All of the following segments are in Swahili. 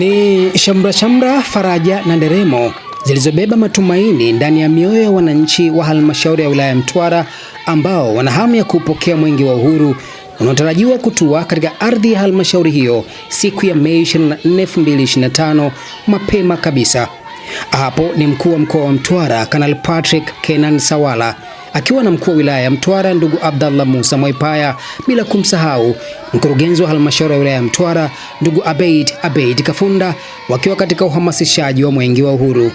Ni shamra shamra, faraja na nderemo zilizobeba matumaini ndani ya mioyo ya wananchi wa halmashauri ya wilaya ya Mtwara ambao wana hamu ya kupokea mwenge wa uhuru unaotarajiwa kutua katika ardhi ya halmashauri hiyo siku ya Mei 24, 2025 mapema kabisa. Hapo ni mkuu wa mkoa wa Mtwara Kanali Patrick Kenan Sawala akiwa na mkuu wa wilaya ya Mtwara ndugu Abdallah Musa Mwaipaya, bila kumsahau mkurugenzi wa halmashauri ya wilaya ya Mtwara ndugu Abeid Abeid Kafunda, wakiwa katika uhamasishaji wa Mwenge wa Uhuru.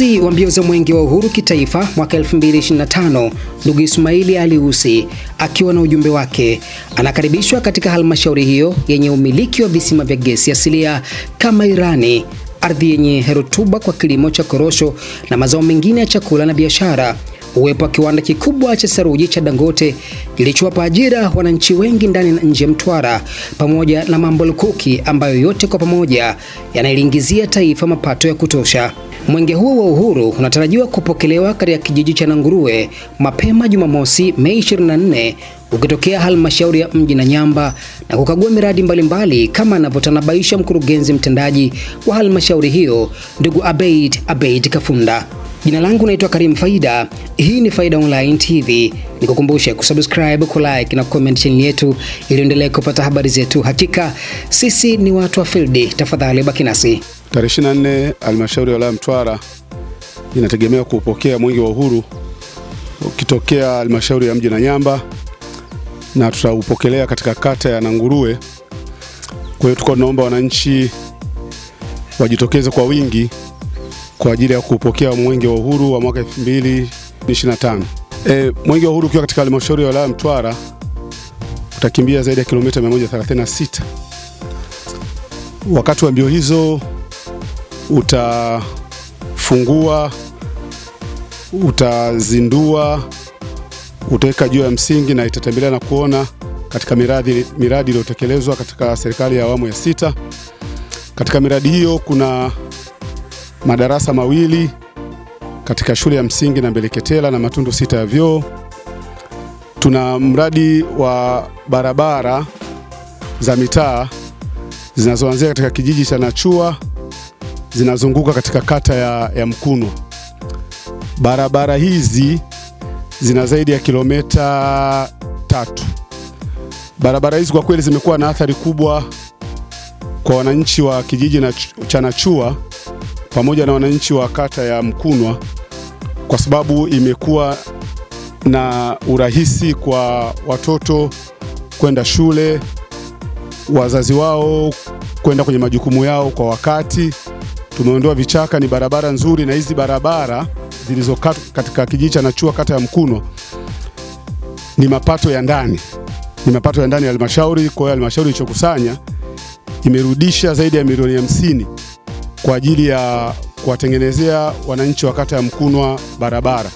Mkurugenzi wa mbio za Mwenge wa Uhuru kitaifa mwaka 2025 ndugu Ismaili Ali usi akiwa na ujumbe wake anakaribishwa katika halmashauri hiyo yenye umiliki wa visima vya gesi asilia kama Irani, ardhi yenye rutuba kwa kilimo cha korosho na mazao mengine ya chakula na biashara, uwepo wa kiwanda kikubwa cha saruji cha Dangote kilichowapa ajira wananchi wengi ndani na nje ya Mtwara, pamoja na mambo lukuki ambayo yote kwa pamoja yanaliingizia taifa mapato ya kutosha. Mwenge huo wa uhuru unatarajiwa kupokelewa katika kijiji cha Nanguruwe mapema Jumamosi Mei 24 ukitokea halmashauri ya mji Nanyamba na kukagua miradi mbalimbali mbali, kama anavyotanabaisha mkurugenzi mtendaji wa halmashauri hiyo ndugu Abeid Abeid Kafunda. Jina langu naitwa Karim Faida. Hii ni Faida Online TV. Nikukumbushe kusubscribe, kulike na comment chini yetu ili endelee kupata habari zetu. Hakika sisi ni watu wa field. Tafadhali baki nasi. Tarehe 24 halmashauri ya wilaya Mtwara inategemea kuupokea mwenge wa uhuru ukitokea halmashauri ya mji Nanyamba na tutaupokelea katika kata ya Nanguruwe. Kwa hiyo tuko tunaomba wananchi wajitokeze kwa wingi kwa ajili ya kuupokea mwenge wa uhuru wa mwaka 2025. E, mwenge wa uhuru ukiwa katika halmashauri ya wilaya Mtwara utakimbia zaidi ya kilomita 136. Wakati wa mbio hizo utafungua, utazindua, utaweka juu ya msingi na itatembelea na kuona katika miradi miradi iliyotekelezwa katika serikali ya awamu ya sita. Katika miradi hiyo kuna madarasa mawili katika shule ya msingi na Mbeleketela na matundu sita ya vyoo. Tuna mradi wa barabara za mitaa zinazoanzia katika kijiji cha Nachua zinazunguka katika kata ya, ya Mkunwa. Barabara hizi zina zaidi ya kilomita tatu. Barabara hizi kwa kweli zimekuwa na athari kubwa kwa wananchi wa kijiji cha Nachua pamoja na wananchi wa kata ya Mkunwa kwa sababu imekuwa na urahisi kwa watoto kwenda shule, wazazi wao kwenda kwenye majukumu yao kwa wakati tumeondoa vichaka, ni barabara nzuri, na hizi barabara zilizo katika kijiji cha Nachua kata ya Mkuno ni mapato ya ndani, ni mapato ya ndani ya halmashauri. Kwa hiyo halmashauri ilichokusanya imerudisha zaidi ya milioni hamsini kwa ajili ya kuwatengenezea wananchi wa kata ya Mkunwa barabara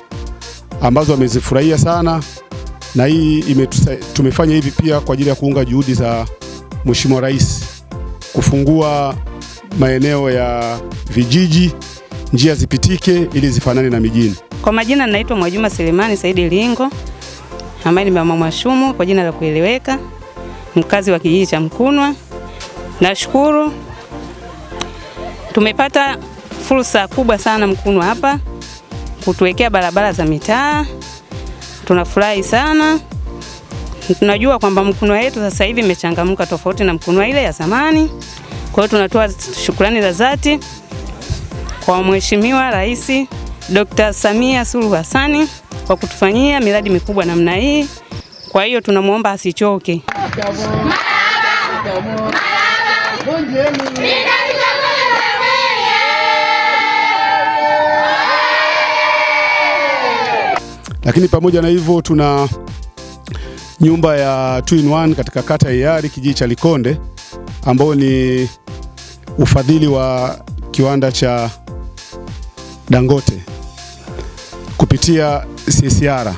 ambazo wamezifurahia sana, na hii imetusa, tumefanya hivi pia kwa ajili ya kuunga juhudi za Mheshimiwa Rais kufungua maeneo ya vijiji, njia zipitike ili zifanane na mijini. Kwa majina naitwa Mwajuma Selemani Saidi Lingo ambaye ni mama Mwashumu kwa jina la kueleweka, mkazi wa kijiji cha Mkunwa. Nashukuru tumepata fursa kubwa sana Mkunwa hapa kutuwekea barabara za mitaa, tunafurahi sana. Tunajua kwamba Mkunwa yetu sasa hivi imechangamka tofauti na Mkunwa ile ya zamani. Kwa hiyo tunatoa shukrani za dhati kwa Mheshimiwa Rais Dr. Samia Suluhu Hassan kwa kutufanyia miradi mikubwa namna hii. Kwa hiyo tunamwomba asichoke. Lakini pamoja na hivyo tuna nyumba ya two in one katika kata ya Iyari kijiji cha Likonde ambayo ni ufadhili wa kiwanda cha Dangote kupitia CCR.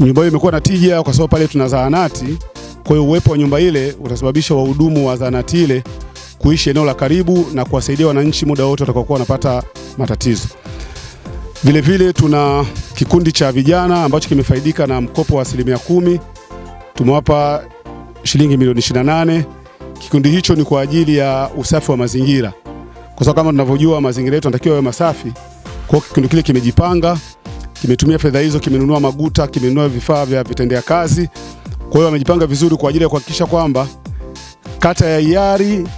Nyumba hiyo imekuwa na tija kwa sababu pale tuna zahanati. Kwa hiyo uwepo wa nyumba ile utasababisha wahudumu wa zahanati ile kuishi eneo la karibu na kuwasaidia wananchi muda wote watakaokuwa wanapata matatizo. Vilevile vile, tuna kikundi cha vijana ambacho kimefaidika na mkopo wa asilimia kumi. Tumewapa shilingi milioni 28 Kikundi hicho ni kwa ajili ya usafi wa mazingira, kwa sababu kama tunavyojua mazingira yetu yanatakiwa yawe masafi. Kwa hiyo kikundi kile kimejipanga, kimetumia fedha hizo, kimenunua maguta, kimenunua vifaa vya vitendea kazi. Kwa hiyo wamejipanga vizuri kwa ajili ya kuhakikisha kwamba kata ya Iyari,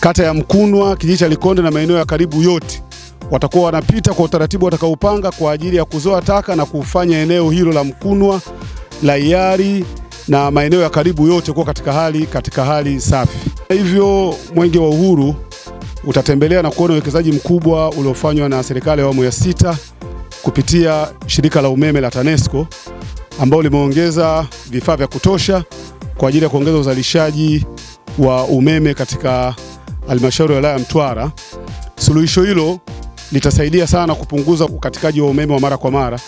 kata ya Mkunwa, kijiji cha Likonde na maeneo ya karibu yote watakuwa wanapita kwa utaratibu watakaopanga kwa ajili ya kuzoa taka na kufanya eneo hilo la Mkunwa la Iyari na maeneo ya karibu yote kuwa katika hali katika hali safi. Hivyo Mwenge wa Uhuru utatembelea na kuona uwekezaji mkubwa uliofanywa na serikali ya awamu ya sita kupitia shirika la umeme la TANESCO ambao limeongeza vifaa vya kutosha kwa ajili ya kuongeza uzalishaji wa umeme katika halmashauri ya wilaya ya Mtwara. Suluhisho hilo litasaidia sana kupunguza ukatikaji wa umeme wa mara kwa mara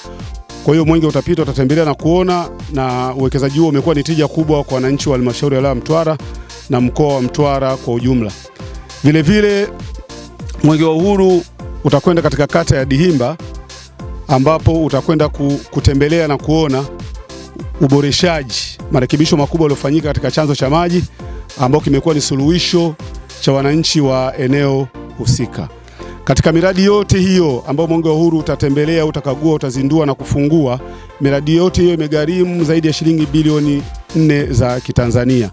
kwa hiyo mwenge utapita, utatembelea na kuona, na uwekezaji huo umekuwa ni tija kubwa kwa wananchi wa halmashauri ya wilaya Mtwara na mkoa wa Mtwara kwa ujumla. Vilevile mwenge wa uhuru utakwenda katika kata ya Dihimba ambapo utakwenda kutembelea na kuona uboreshaji, marekebisho makubwa yaliyofanyika katika chanzo cha maji ambao kimekuwa ni suluhisho cha wananchi wa eneo husika. Katika miradi yote hiyo ambayo Mwenge wa Uhuru utatembelea, utakagua, utazindua na kufungua, miradi yote hiyo imegharimu zaidi ya shilingi bilioni nne za Kitanzania.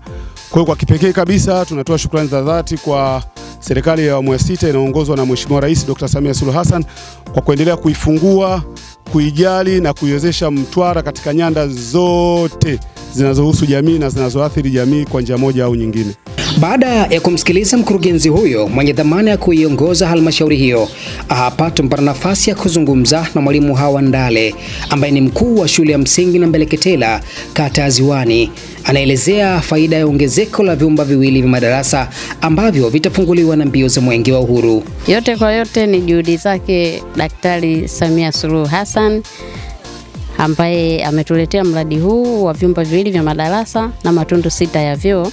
Kwa hiyo kwa kipekee kabisa tunatoa shukrani za dhati kwa serikali ya awamu ya sita inayoongozwa na Mheshimiwa Rais Dr. Samia Suluhu Hassan kwa kuendelea kuifungua, kuijali na kuiwezesha Mtwara katika nyanda zote zinazohusu jamii na zinazoathiri jamii kwa njia moja au nyingine. Baada ya kumsikiliza mkurugenzi huyo mwenye dhamana ya kuiongoza halmashauri hiyo, hapa tumpata nafasi ya kuzungumza na mwalimu Hawa Ndale ambaye ni mkuu wa shule ya msingi na Mbeleketela kata ya Ziwani. Anaelezea faida ya ongezeko la vyumba viwili vya madarasa ambavyo vitafunguliwa na mbio za Mwenge wa Uhuru. Yote kwa yote ni juhudi zake Daktari Samia Suluhu Hassan ambaye ametuletea mradi huu wa vyumba viwili vya madarasa na matundu sita ya vyoo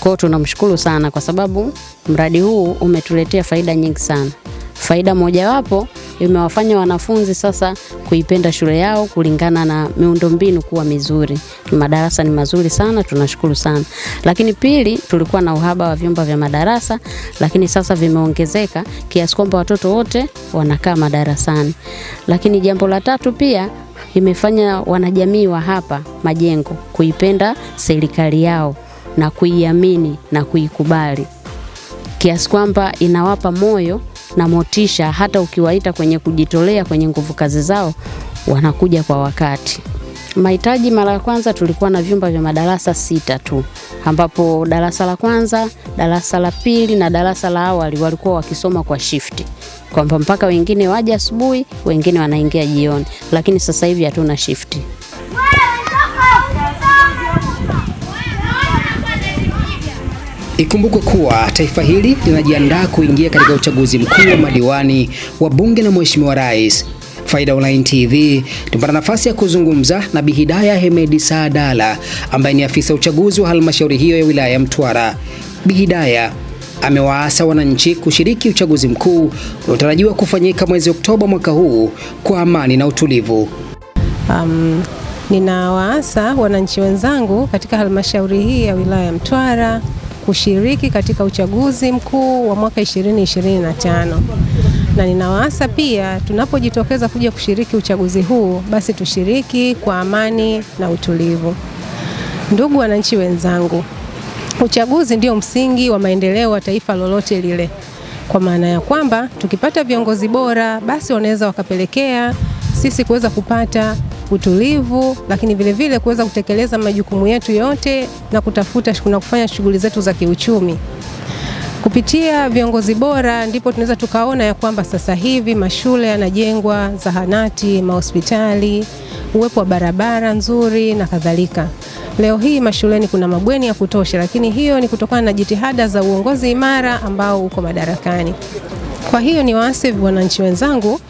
kwa hiyo tunamshukuru sana kwa sababu mradi huu umetuletea faida nyingi sana. Faida mojawapo imewafanya wanafunzi sasa kuipenda shule yao kulingana na miundombinu kuwa mizuri. Madarasa ni mazuri sana, tunashukuru sana. Lakini pili, tulikuwa na uhaba wa vyumba vya madarasa, lakini sasa vimeongezeka kiasi kwamba watoto wote wanakaa madarasani. Lakini jambo la tatu pia imefanya wanajamii wa hapa Majengo kuipenda serikali yao na kuiamini na kuikubali, kiasi kwamba inawapa moyo na motisha. Hata ukiwaita kwenye kujitolea kwenye nguvu kazi zao, wanakuja kwa wakati. Mahitaji mara ya kwanza tulikuwa na vyumba vya madarasa sita tu, ambapo darasa la kwanza, darasa la pili na darasa la awali walikuwa wakisoma kwa shifti, kwamba mpaka wengine waje asubuhi, wengine wanaingia jioni, lakini sasa hivi hatuna shifti. Ikumbukwe kuwa taifa hili linajiandaa kuingia katika uchaguzi mkuu wa madiwani wa bunge na mheshimiwa rais. Faida Online TV tumepata nafasi ya kuzungumza na Bi Hidaya Hemedi Saadala ambaye ni afisa uchaguzi wa halmashauri hiyo ya wilaya ya Mtwara. Bi Hidaya amewaasa wananchi kushiriki uchaguzi mkuu unaotarajiwa kufanyika mwezi Oktoba mwaka huu kwa amani na utulivu. Um, ninawaasa wananchi wenzangu katika halmashauri hii ya wilaya ya Mtwara kushiriki katika uchaguzi mkuu wa mwaka 2025 na ninawaasa pia, tunapojitokeza kuja kushiriki uchaguzi huu, basi tushiriki kwa amani na utulivu. Ndugu wananchi wenzangu, uchaguzi ndio msingi wa maendeleo wa taifa lolote lile, kwa maana ya kwamba tukipata viongozi bora, basi wanaweza wakapelekea sisi kuweza kupata utulivu, lakini vilevile kuweza kutekeleza majukumu yetu yote na kutafuta na kufanya shughuli zetu za kiuchumi. Kupitia viongozi bora ndipo tunaweza tukaona ya kwamba sasa hivi mashule yanajengwa, zahanati, mahospitali, uwepo wa barabara nzuri na kadhalika. Leo hii mashuleni kuna mabweni ya kutosha, lakini hiyo ni kutokana na jitihada za uongozi imara ambao uko madarakani. Kwa hiyo ni waase wananchi wenzangu,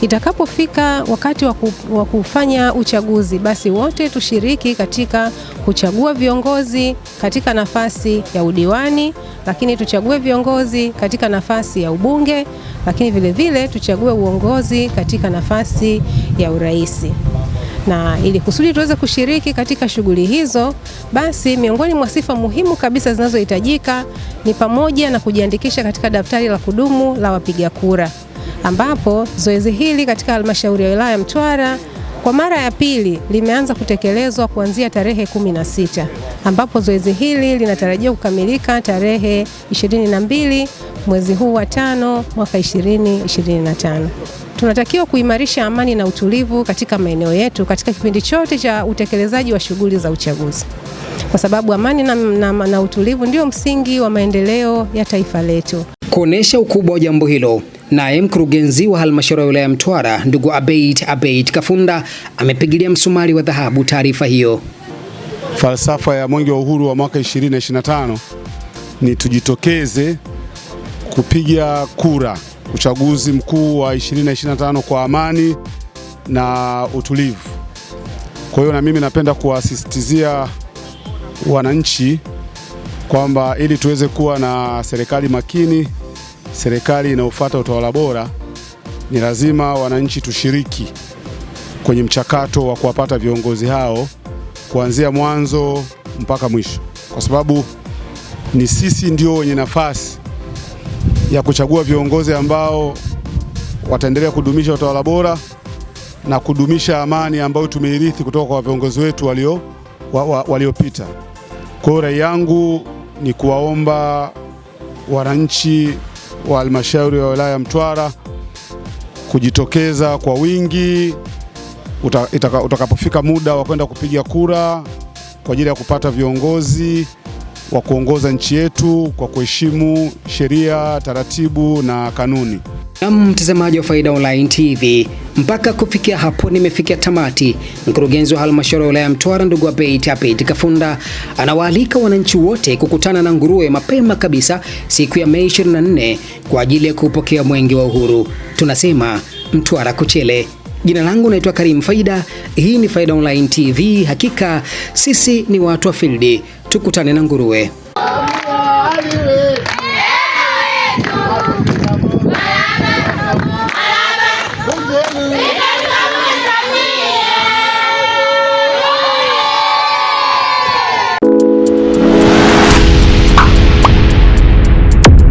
itakapofika wakati wa kufanya uchaguzi, basi wote tushiriki katika kuchagua viongozi katika nafasi ya udiwani, lakini tuchague viongozi katika nafasi ya ubunge, lakini vilevile tuchague uongozi katika nafasi ya uraisi na ili kusudi tuweze kushiriki katika shughuli hizo, basi miongoni mwa sifa muhimu kabisa zinazohitajika ni pamoja na kujiandikisha katika daftari la kudumu la wapiga kura, ambapo zoezi hili katika halmashauri ya wilaya ya Mtwara kwa mara ya pili limeanza kutekelezwa kuanzia tarehe 16 ambapo zoezi hili linatarajiwa kukamilika tarehe 22 mwezi huu wa tano mwaka 2025 tunatakiwa kuimarisha amani na utulivu katika maeneo yetu katika kipindi chote cha utekelezaji wa shughuli za uchaguzi, kwa sababu amani na, na, na utulivu ndio msingi wa maendeleo ya taifa letu. Kuonesha ukubwa wa jambo hilo, naye mkurugenzi wa halmashauri ya wilaya Mtwara ndugu Abeit Abeit Kafunda amepigilia msumari wa dhahabu taarifa hiyo. Falsafa ya mwenge wa uhuru wa mwaka 2025 ni tujitokeze kupiga kura uchaguzi mkuu wa 2025 kwa amani na utulivu. Kwa hiyo na mimi napenda kuwasisitizia wananchi kwamba ili tuweze kuwa na serikali makini, serikali inayofuata utawala bora, ni lazima wananchi tushiriki kwenye mchakato wa kuwapata viongozi hao kuanzia mwanzo mpaka mwisho, kwa sababu ni sisi ndio wenye nafasi ya kuchagua viongozi ambao wataendelea kudumisha utawala bora na kudumisha amani ambayo tumeirithi kutoka kwa viongozi wetu waliopita wa, wa, walio kwa rai yangu ni kuwaomba wananchi wa halmashauri ya wilaya ya Mtwara kujitokeza kwa wingi utakapofika muda wa kwenda kupiga kura kwa ajili ya kupata viongozi wa kuongoza nchi yetu kwa kuheshimu sheria, taratibu na kanuni. Na mtazamaji wa Faida Online TV, mpaka kufikia hapo nimefikia tamati. Mkurugenzi wa halmashauri ya wilaya Mtwara ndugu Abeid Abeid Kafunda anawaalika wananchi wote kukutana na nguruwe mapema kabisa siku ya Mei 24 kwa ajili ya kupokea mwenge wa uhuru. Tunasema Mtwara kuchele. Jina langu naitwa Karim Faida. Hii ni Faida Online TV. Hakika sisi ni watu wa fildi tukutane na nguruwe.